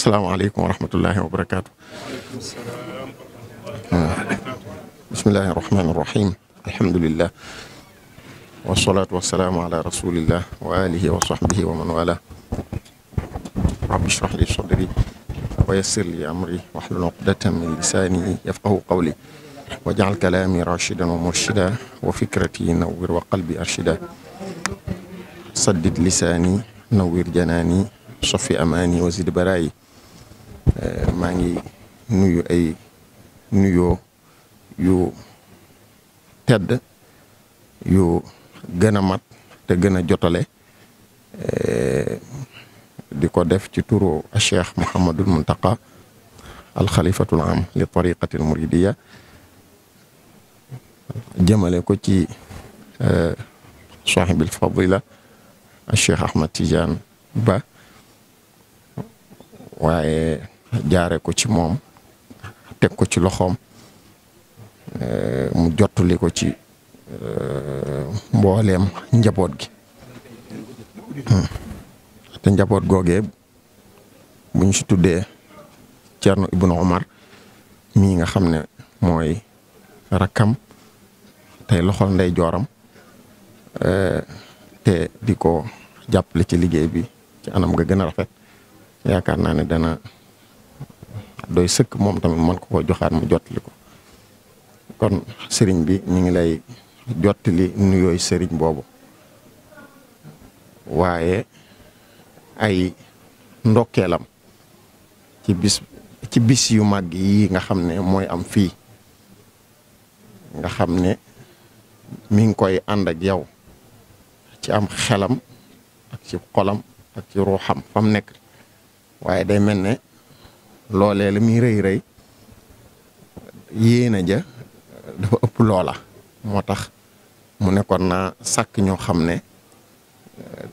asalaamaaleykum wa rahmatullahi wa barakaatu. bismillahi rahmaani rahim alhamdulillah wasalaatu wasalaamu ala rasulillah wa alihi wa sahbihi wa man wala rabbi shrah li sadri wa yassir li amri wahlul uqdatan min lisani yafqahu qawli wajal kalaami rashidan wa murshida wa fikrati nawwir wa qalbi arshida saddid lisaani nawwir janaani sofi amaani wa zid baraayi Eh, maa ngi nuyu ay nuyoo yu tedd yu gën a mat te gën a jotale eh, di ko def ci turu Cheikh Mouhamadul Muntaqa alxalifatul am li tariqatil ko ci eh, saahibil fadila Cheikh Ahmad Tidiane Ba waaye jaare ko ci moom teg ko ci loxoom mu jottali ko ci eh, mbooleem njaboot gi hmm. te njaboot googee buñ si tuddee Cerno Ibnu Omar mii nga xam ne mooy rakam te loxol ndey jooram eh, te di ko jàppale ci liggéey bi ci anam nga gën a rafet yaakaar naa ne dana doy sëkk moom tamit mën ko koo joxaat mu jottali ko kon sëriñ bi ñu ngi lay jottali nuyooy sëriñ boobu waaye ay ndokkeelam ci bis ci bis yu mag yi nga xam ne mooy am fii nga xam ne mi ngi koy ànd ak yow ci am xelam ak ci xolam ak ci ruuxam fam nekk waaye day mel ne loolee mi muy rëy rëy yéena ja dafa ëpp loola moo tax mu nekkoon naa sàkk ñoo xam ne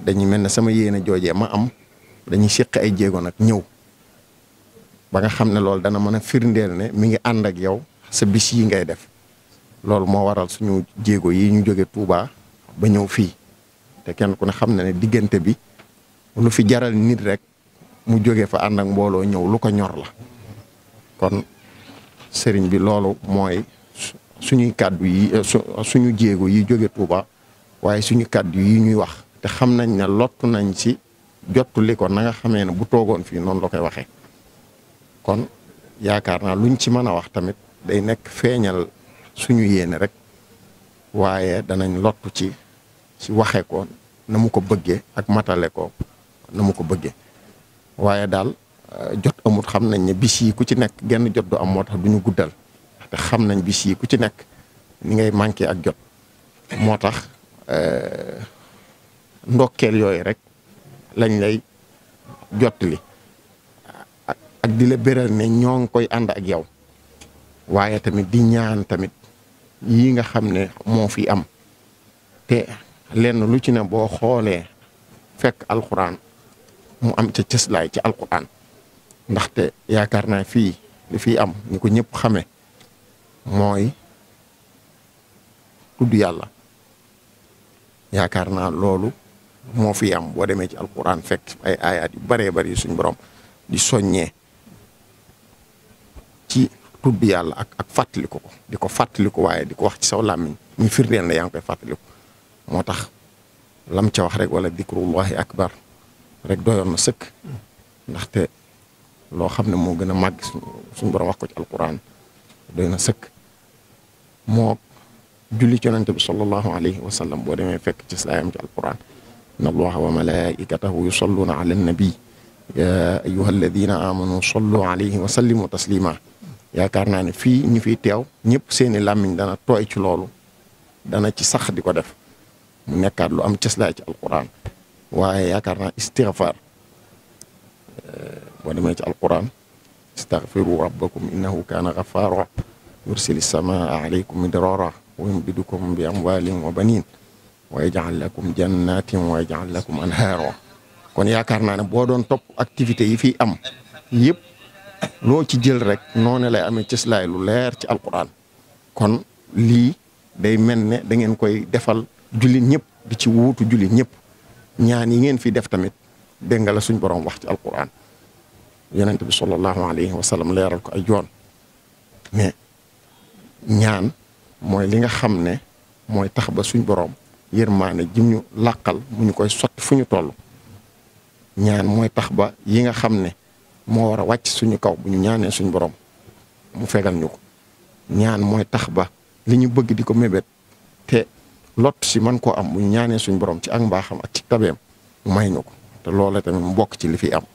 dañu mel ne sama yéena joojee ma am dañuy seq ay jéego nag ñëw ba nga xam ne loolu dana mën a firndeel ne mi ngi ànd ak yow sa bis yi ngay def loolu moo waral suñu jéego yi ñu jóge Touba ba ñëw fii te kenn ku ne xam na ne diggante bi lu fi jaral nit rek mu jóge fa ànd ak mbooloo ñëw lu ko ñor la kon sëriñ bi loolu mooy suñuy kàddu yi eh, suñu jéego yi jóge Touba waaye suñu kàddu yi ñuy wax te xam nañ ne lottu nañ ci jottali ko na nga xamee ne bu toogoon fii noonu la koy waxee kon yaakaar naa luñ ci mën a wax tamit day nekk feeñal suñu yéene rek waaye danañ lottu ci ci waxe ko na mu ko bëggee ak matale ko na mu ko bëggee waaye daal euh, jot amut xam nañ ne bis yi ku ci nekk genn jot du am moo tax du ñu guddal te xam nañ bis yi ku ci nekk ni ngay manqué ak jot moo tax euh, ndokkeel yooyu rek lañ lay jottali ak di la béral ne ñoo ngi koy ànd ak yow waaye tamit di ñaan tamit yi nga xam ne moo fi am te lenn lu ci ne boo xoolee fekk alxuraan mu am ca cëslaay ci alquran ndaxte yaakaar naa fii li fii am ni ko ñëpp xame mooy tudd yàlla yaakaar naa loolu moo fi am boo demee ci alquran fekk ay ayaat yu baree bari suñ borom di soññee ci tudd yàlla ak ak fàttaliku ko di ko fàttaliku waaye di ko wax ci saw làmmiñ muy firndeel ne yaa ngi koy fàttaliku moo tax lam ca wax rek wala dikrullahi akbar rek doyoon na sëkk ndaxte loo xam ne moo gën a màgg suñu borom wax ko ci alquran doy na sëkk moo julli ci yonente bi sallallahu alayhi wa boo demee fekk ci saayam ci alquran inna allaha wa malaikatahu yusalluna ala nabi ya ayuha alladina amanu sallu alayhi wa yaakaar naa ne fii ñu fiy teew ñëpp seeni làmmiñ dana tooy ci loolu dana ci sax di ko def mu nekkaat lu am cëslaay ci alquran waaye yaakaar naa istixfar boo demee ci alquran istaxfiru rabbakum innahu kaana gafaara yursili samaa aleykum midraara wa yumdidukum bi amwaalin wa baniin wa yaj'al lakum jannatin wa yaj'al lakum anhaara kon yaakaar naa ne boo doon topp activités yi fi am yëpp loo ci jël rek noonu lay amee cëslaay lu leer ci alquran kon lii day mel ne da koy defal jullit ñëpp di ci wuutu jullit ñëpp ñaan yi ngeen fii def tamit dégg nga la suñ borom wax ci alquran yonent bi sallallahu alayhi wa sallam leeral ko ay joon mais ñaan mooy li nga xam ne mooy tax ba suñ borom yërmaane jim ñu làqal mu ñu koy sotti fu ñu toll ñaan mooy tax ba yi nga xam ne moo war a wàcc suñu kaw bu ñu ñaanee suñu boroom mu fegal ñu ko ñaan mooy tax ba li ñu bëgg di ko mébét te lot si man koo am ñu ñaanee suñ borom ci ak mbaaxam ak ci tabeem may ñu ko te loola tamit mu bokk ci li fi am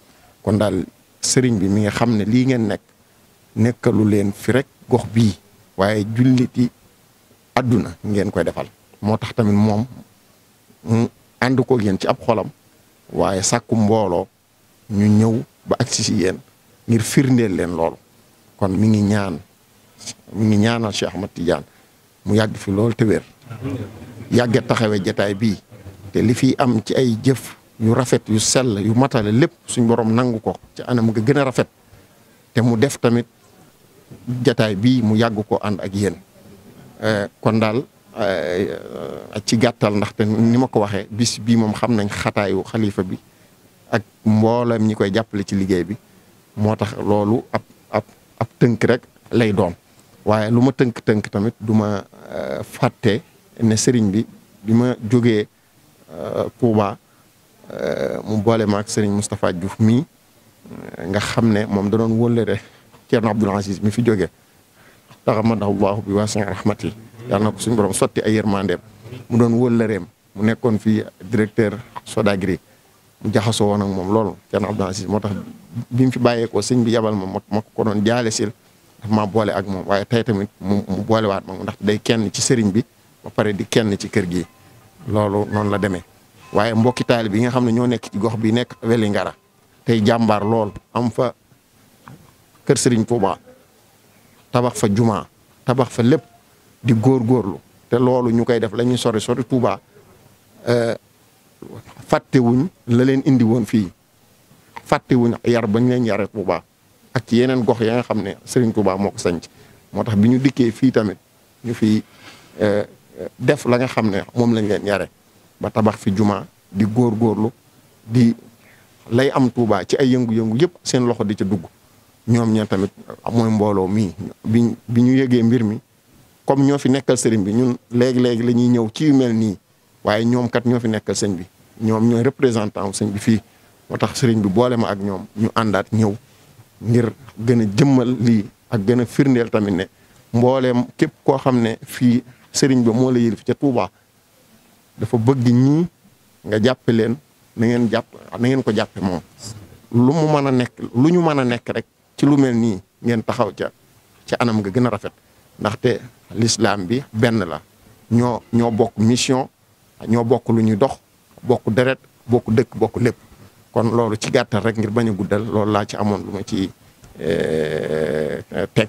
kon daal sëriñ bi mi nga xam ne lii ngeen nekk nekkalu leen fi rek gox bii waaye julliti àdduna ngeen koy defal moo tax tamit moom mu ànd ko yéen ci ab xolam waaye sàkku mbooloo ñu ñëw ba agsi si yéen ngir firndeel leen lool kon mi ngi ñaan mi ngi ñaanal Cheikh Ahmad Tidiane mu yàgg fi lool te wér yàgg taxawe jataay bii te li fi am ci ay jëf yu rafet yu sell yu matale lépp suñ borom nangu ko ci anam ga gën a rafet te mu def tamit jataay bii mu yàgg ko ànd ak yéen euh, kon daal euh, ci gàttal ndaxte ni ma ko waxee bis bii moom xam nañ xataayu xalifa bi ak mboolem ñi koy jàppale ci liggéey bi moo tax loolu ab tënk rek lay doon waaye lu ma tënk-tënk tamit du ma euh, fàtte ne sëriñ bi bi ma jógee euh, Touba euh, mu boole ma ak sëriñ Moustapha Diouf mii euh, nga xam ne moom da doon wëllëre Thierno Abdoul Aziz mi fi jógee taxamadahullahu bi waasi rahmati yàlla na ko suñu borom sotti ay yërmandeem mu doon wëllëreem mu nekkoon fii directeur Sodagri mu jaxasoo woon ak moom loolu Thierno Abdoul Aziz moo tax bi mu fi bàyyeekoo sëñ bi yabal ma ma ko doon jaale sil daf maa boole ak moom waaye tey tamit mu mu boolewaat ma ndax day kenn ci sëriñ bi ba pare di kenn ci kër gi loolu noonu la demee waaye mbokki taalibe yi nga xam ne ñoo nekk ci gox bi nekk ngara tey jàmbaar lool am fa kër sëriñ Touba tabax fa jumaa tabax fa lépp di góor góorlu te loolu ñu koy def la ñuy sori sori Touba euh, fàttewuñ la leen indi woon fii fàttewuñ yar bañ leen yare Touba ak ci yeneen gox ya nga xam ne sëriñ Touba moo ko sanc moo tax bi ñu dikkee fii tamit ñu fi euh, def la nga xam ne moom lañ leen yare ba tabax fi jumaa di góor góorlu di lay am Tuuba ci ay yëngu-yëngu yëpp seen loxo di ca dugg ñoom ñoo tamit mooy mbooloo mii bi ñu yëgee mbir mi comme ñoo fi nekkal sëriñ bi ñun léegi-léegi la ñuy ñëw ci yu nii waaye ñoom ñoo fi nekkal sëñ bi ñoom ñooy représentant sëñ bi fii moo tax sëriñ bi boole ma ak ñoom ñu àndaat ñëw ngir gën a jëmmal lii ak gën a firndeel tamit ne mbooleem képp koo xam ne fii sëriñ ba moo la yëlif ca Touba dafa bëgg ñii nga jàppe leen na ngeen jàpp ngeen ko jàppe moom lu mu mën a nekk lu ñu mën a nekk rek ci lu mel nii ngeen taxaw ca ci anam nga gën a rafet ndaxte l'islam bi benn la ñoo ñoo bokk mission ñoo bokk lu ñuy dox bokk deret bokk dëkk bokk lépp kon loolu ci gàttal rek ngir bañ a guddal loolu laa ci amoon lu ma ci eh, teg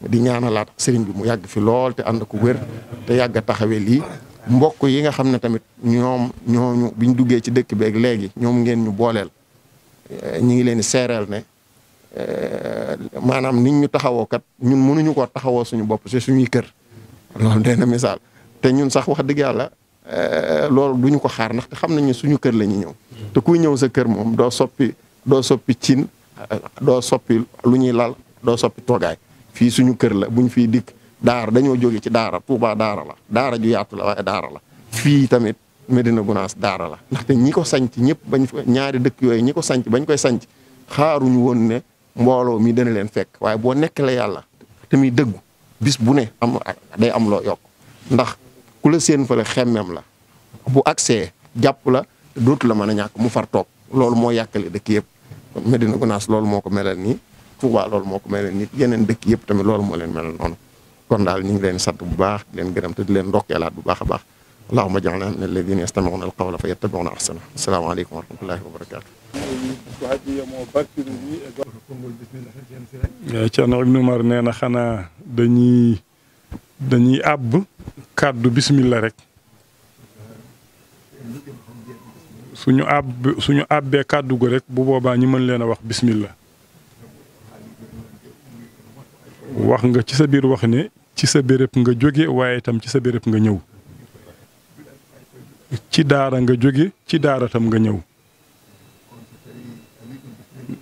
di ñaanalaat sëriñ bi mu yàgg fi lool te ànd ko wér te yàgg a taxawee lii mbokk yi nga xam ne tamit ñoom ñooñu biñ duggee ci dëkk beeg léegi ñoom ngeen ñu booleel eh, ñi ngi leen di seereel ne eh, maanaam nit ñu taxawoo kat ñun mënuñu ko taxawoo suñu bopp suñuy kër de dana misaal te ñun sax wax dëgg yàlla eh, loolu duñu ko xaar ndax xam nañu suñu kër lañu ñu ñëw te kuy ñëw sa kër moom doo soppi doo soppi cin doo soppi lu ñuy lal doo soppi toogaay fii suñu kër la buñ fi dikk daara dañoo jóge ci daara Touba daara la daara ju yaatu la waaye daara la fii tamit Medina Gunaas daara la ndaxte ñi ko sanc ñëpp bañ fa ñaari dëkk yooyu ñi ko sanc bañ koy sanc xaaruñu woon ne mbooloo mi dana leen fekk waaye boo nekk la yàlla te muy dëggu bis bu ne am day am loo yokk ndax ku la seen fële xemeem la bu agsee jàpp la dootu la mën a ñàkk mu far toog loolu moo yàkkale dëkk yëpp Medina Gunaas loolu moo ko melal nii Touba loolu moo ko mel nit yeneen dëkk yëpp tamit loolu moo leen mel noonu kon daal ñu ngi leen sant bu baax di leen gërëm te di leen ndokkeelaat bu baax a baax allahumma ja'alna min alladhina yastami'una al-qawla fayattabi'una ahsana assalamu alaykum wa rahmatullahi wa barakatuh Ceerno eh, Ibnu nee na xanaa dañuy dañuy àbb kàddu bismillah rek suñu àbb suñu àbbee kàddu go rek bu boobaa ñu mën leen a wax bismillah wax nga ci sa biir wax ne ci sa béréb nga jóge waaye itam ci sa béréb nga ñëw ci daara nga jóge ci daara tam nga ñëw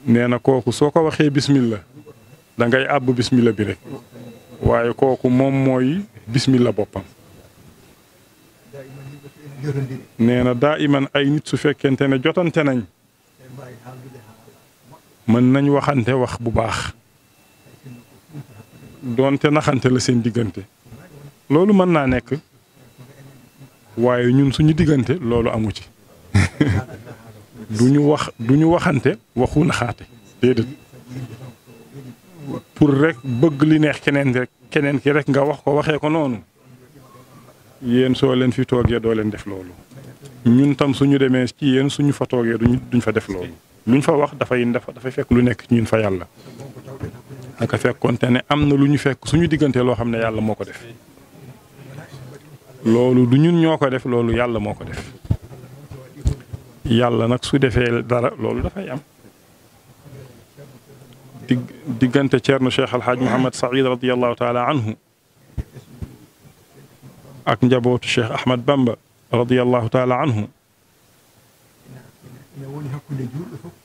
nee na kooku soo ko waxee bismillah dangay ngay àbb bismillah bi rek waaye kooku moom mooy bismillah boppam nee na daa iman ay nit su fekkente ne jotante nañ mën nañ waxante wax bu baax doonte naxante la seen diggante loolu mën naa nekk waaye ñun suñu diggante loolu amu ci du ñu wax du ñu waxante waxu naxaate déedéet pour rek bëgg li neex keneen rek keneen ki rek nga wax ko waxee ko noonu yéen soo leen fi toogee doo leen def loolu ñun tam suñu demee ci yéen suñu fa toogee duñ fa def loolu luñ fa wax dafay dafay fekk lu nekk ñun fa yàlla naka fekkonte ne am na lu ñu fekk suñu diggante loo xam ne yàlla moo ko def loolu du ñun ñoo ko def loolu yàlla moo ko def yàlla nag su defee dara loolu dafay am dig diggante Ceerno Cheikh Al Hadj Mouhamed Saïd ak njabootu Cheikh Ahmad Bamba radiyallahu taala anhu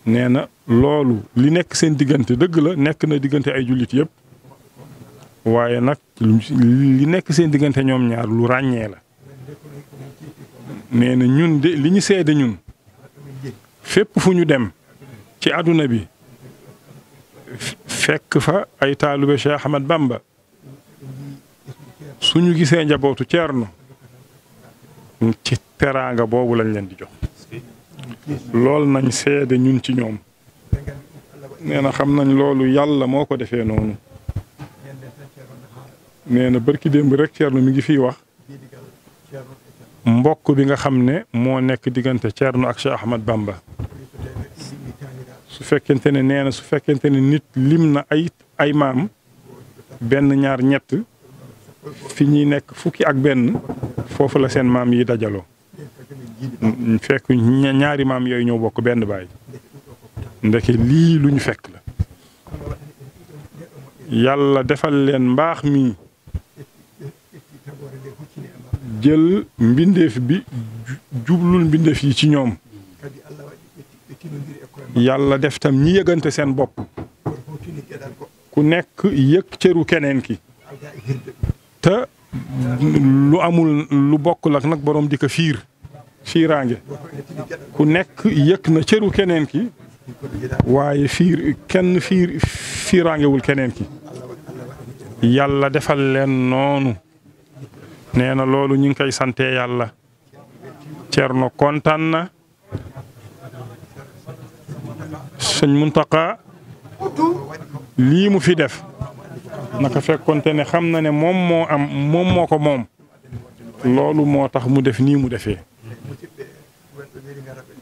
nee na loolu li nekk seen diggante dëgg la nekk na diggante ay jullit yëpp waaye nag li nekk seen diggante ñoom ñaar lu ràññee la nee na ñun de li ñu seede ñun fépp fu ñu dem ci àdduna bi fekk fa ay taalibe Cheikh Ahmad Bamba suñu gisee njabootu Ceerno ci teraanga boobu lañ leen di jox lool nañ seede ñun ci ñoom nee na xam nañ loolu yàlla moo ko defee noonu nee na bërki démb rek Thierno mi ngi fiy wax mbokk bi nga xam ne moo nekk diggante Thierno ak Cheikh Ahmad Bamba su fekkente ne neena su fekkente ne nit lim na ay ay maam benn ñaar ñett fi ñuy nekk fukki ak benn foofu la seen maam yi dajaloo fekk ñaari maam yooyu ñoo bokk benn baay ndeke lii lu ñu fekk la yàlla defal leen mbaax mi jël mbindeef bi jublul mbindeef yi ci ñoom yàlla def tam ñi yëgante seen bopp ku nekk yëg cëru keneen ki te lu amul lu bokkul ak nag boroom di ko fiir fiiraange ku nekk yëkk na cëru keneen ki waaye fiir kenn fiiraangewul keneen ki yàlla defal leen noonu nee na loolu ñu ngi koy sante yàlla Cerno kontaan na sëñ Muntaqa lii mu fi def naka fekkonte ne xam na ne moom moo am moom moo ko moom loolu moo tax mu def nii mu defee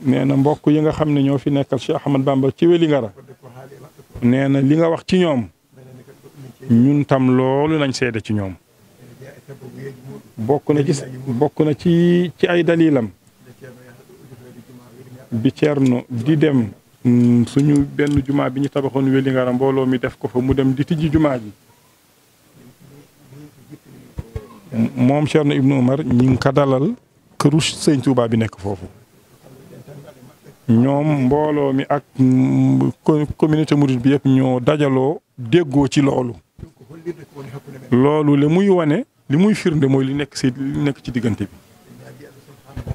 nee na mbokk yi nga xam ne ñoo fi nekkal Cheikh Ahmad Bamba ci Wélingara nee na li nga wax ci ñoom ñun tam loolu nañ seede ci ñoom bokk na ci bokk na ci ci ay dalilam bi Ceerno di dem suñu benn jumaa bi ñu tabaxoon Wélingara mbooloo mi def ko fa mu dem di tijji jumaa ji moom Ceerno Ibnu Umar ñi ngi ko dalal këru Sëñ Tuubaa bi nekk foofu ñoom mbooloo mi ak mm, communauté mouride bi yëpp ñoo dajaloo déggoo ci loolu. loolu li muy wane li muy firnde mooy li nekk si nekk ci diggante bi.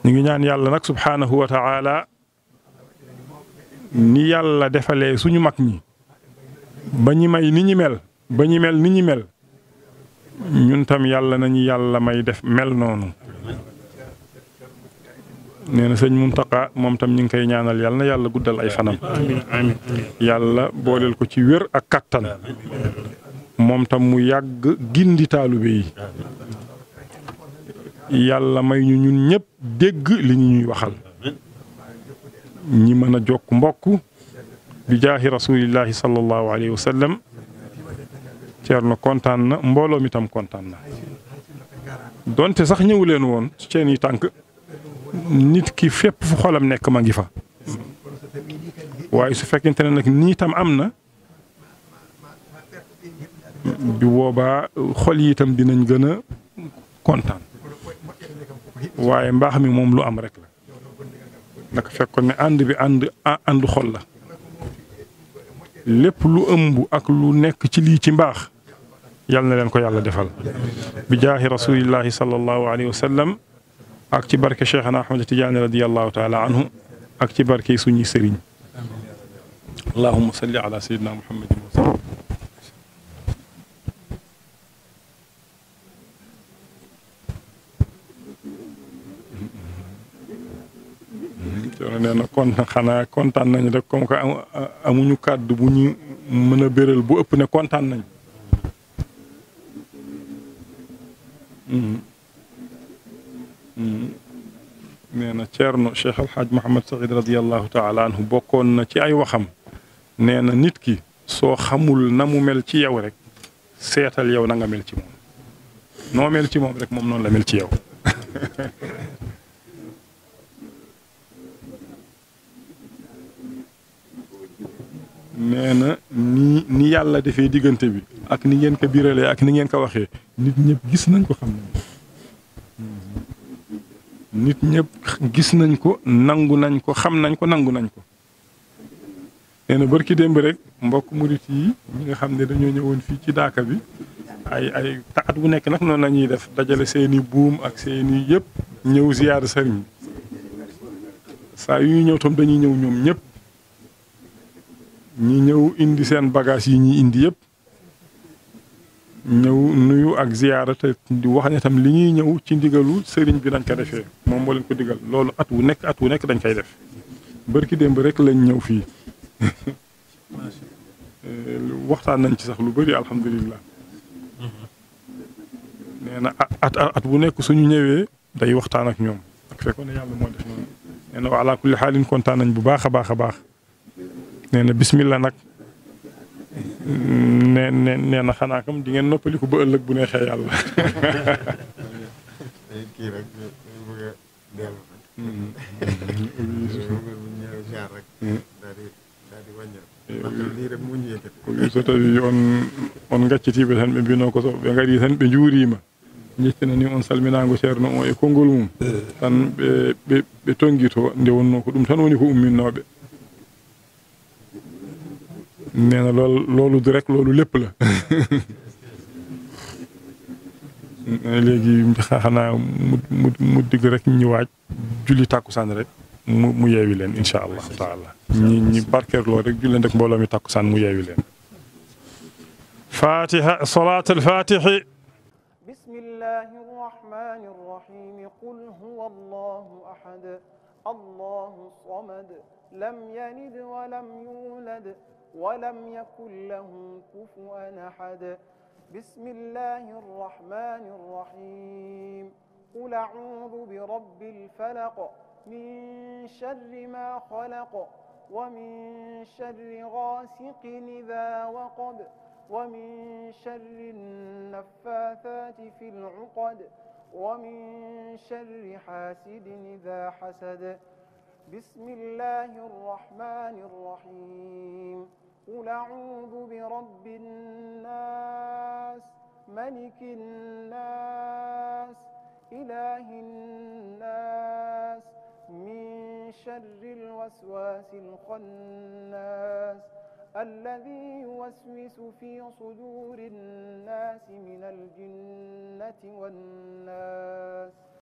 ñu ngi ñaan yàlla nag subhaanahu wa ta'ala ni yàlla defalee suñu mag ñi. ba ñu may ni ñu mel. ba ñu mel ni ñu mel. ñun tam yàlla nañu yàlla may def mel noonu. nee na sëñ Muntaqa moom tam ñu ngi koy ñaanal yàlla na yàlla guddal ay fanam. yàlla booleel ko ci wér ak kattan moom tam mu yàgg gindi taalibe yi yàlla may ñu ñun ñëpp dégg li ñuy waxal ñi mën a jokk mbokk bi jaahi rasulillahi sallallahu alayhi wa sallam kontaan na mbooloo mi tam kontaan na donte sax ñëw leen woon seen i tànk. nit ki fépp fu xolam nekk ma ngi fa waaye su fekkente ne nag nii tam am na bi boobaa xol yi itam dinañ gën a kontaan waaye mbaax mi moom lu am rek la naka fekkoon ne ànd bi ànd ànd xol la lépp lu ëmb ak lu nekk ci lii ci mbaax yal na leen ko yàlla defal bi jaahi rasulillahi sallallahu alayhi wa sallam ak ci barke Cheikhana Ahmad Tidiane radiyallahu taala anhu ak ci barke suñuy sëriñ allahumma salli na kontaan kontaan nañu rek kàddu bu ñu mën bu ëpp ne kontaan nañu mm-hmm. nee na Ceerno Cheikh El Hadj Mouhamed Saïd radiallahu taala anhu bokkoon na ci ay waxam nee na nit ki soo xamul na mu mel ci yow rek seetal yow nanga mel ci moom noo mel ci moom rek moom noonu la mel ci yow nee ni ni yàlla defee diggante bi ak ni ngeen ko biralee ak ni ngeen ko waxee nit ñëpp gis nañ ko xam nit ñëpp gis nañ ko nangu nañ ko xam nañ ko nangu nañ ko nee na barki démb rek mbokk murit yi ñi nga xam ne dañoo ñëwoon fii ci daaka bi ay ay taat bu nekk nag noonu nañuy def dajale seeni buum ak seeni yëpp ñëw ziyaar sëriñ saa yu ñëw tam dañuy ñëw ñoom ñëpp ñi ñëw indi seen bagage yi ñuy indi yëpp ñëw nuyu ak ziyaara te di wax ne li ñuy ñëw ci ndigalu sëriñ bi dañ ko defee moom moo leen ko digal loolu at wu nekk at wu nekk dañ koy def bërki démb rek lañ ñëw fii waxtaan nañ ci sax lu bëri alhamdulilah. nee na at at bu nekk suñu ñëwee day waxtaan ak ñoom ak fekkoon na yàlla moo def noonu nee na wa ala xaalin kontaan nañ bu baax a baax a baax nee na bismillah nag. nee na xanaa kam di ngeen noppaliku ba ëllëg bu neexee yàlla. kii rek bëgg a dellu rek. Mm-hmm. Mm-hmm. daal di daal di wàññeeku. lii rek moo ñu so tawi on on gaccitiiɓe tan ɓe mbino ko so ɓe ngarii eh. tan ɓe njuuriima jettinani on salminaango ceerno o e konngol mum tan ɓe ɓe to nde wonnoo ko ɗum tan woni ko umminnooɓe nee na loolu loolu du rek loolu lépp la léegi xanaa mu rek julli tàkkusaan rek mu mu yeewi leen incha allahu taala ñi ñi barkeerloo rek julleen rek mbooloo mu yeewi leen fatiha salaat alfatihi bismillahi arrahmani qul huwa allahu ahad allahu samad lam yalid wa lam yulad ولم يكن له كفوا احد بسم الله الرحمن الرحيم قل اعوذ برب الفلق من شر ما خلق ومن شر غاسق اذا وقب ومن شر النفاثات في العقد ومن شر حاسد اذا حسد بسم الله الرحمن الرحيم قل أعوذ برب الناس ملك الناس إله الناس من شر الوسواس الخناس الذي يوسوس في صدور الناس من الجنة والناس